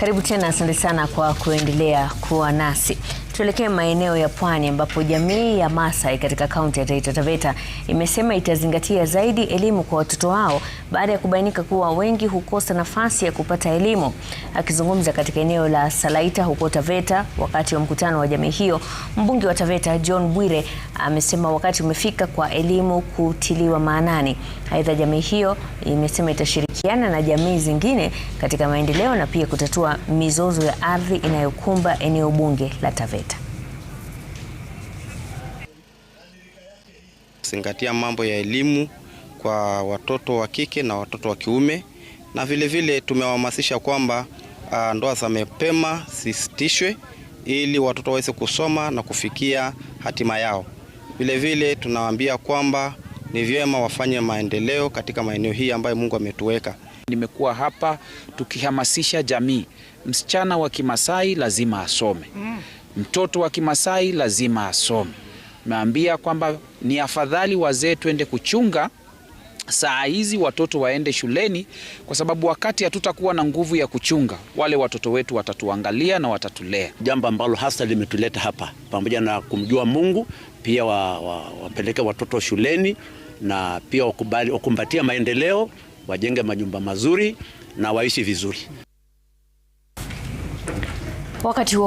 Karibu tena, asante sana kwa kuendelea kuwa nasi. Tuelekee maeneo ya pwani ambapo jamii ya Maasai katika kaunti ya Taita Taveta imesema itazingatia zaidi elimu kwa watoto wao baada ya kubainika kuwa wengi hukosa nafasi ya kupata elimu. Akizungumza katika eneo la Salaita huko Taveta wakati wa mkutano wa jamii hiyo, mbunge wa Taveta John Bwire amesema wakati umefika kwa elimu kutiliwa maanani. Aidha, jamii hiyo imesema itashirikiana na jamii zingine katika maendeleo na pia kutatua mizozo ya ardhi inayokumba eneo bunge la Taveta. kuzingatia mambo ya elimu kwa watoto wa kike na watoto wa kiume, na vilevile tumewahamasisha kwamba uh, ndoa za mapema zisitishwe ili watoto waweze kusoma na kufikia hatima yao. Vilevile tunawaambia kwamba ni vyema wafanye maendeleo katika maeneo hii ambayo Mungu ametuweka. Nimekuwa hapa tukihamasisha jamii, msichana wa Kimasai lazima asome, mm. mtoto wa Kimasai lazima asome. Tumeambia kwamba ni afadhali wazee twende kuchunga saa hizi watoto waende shuleni, kwa sababu wakati hatutakuwa na nguvu ya kuchunga, wale watoto wetu watatuangalia na watatulea. Jambo ambalo hasa limetuleta hapa, pamoja na kumjua Mungu, pia wapeleke wa, wapeleke watoto shuleni na pia wakubali, wakumbatia maendeleo, wajenge manyumba mazuri na waishi vizuri wakati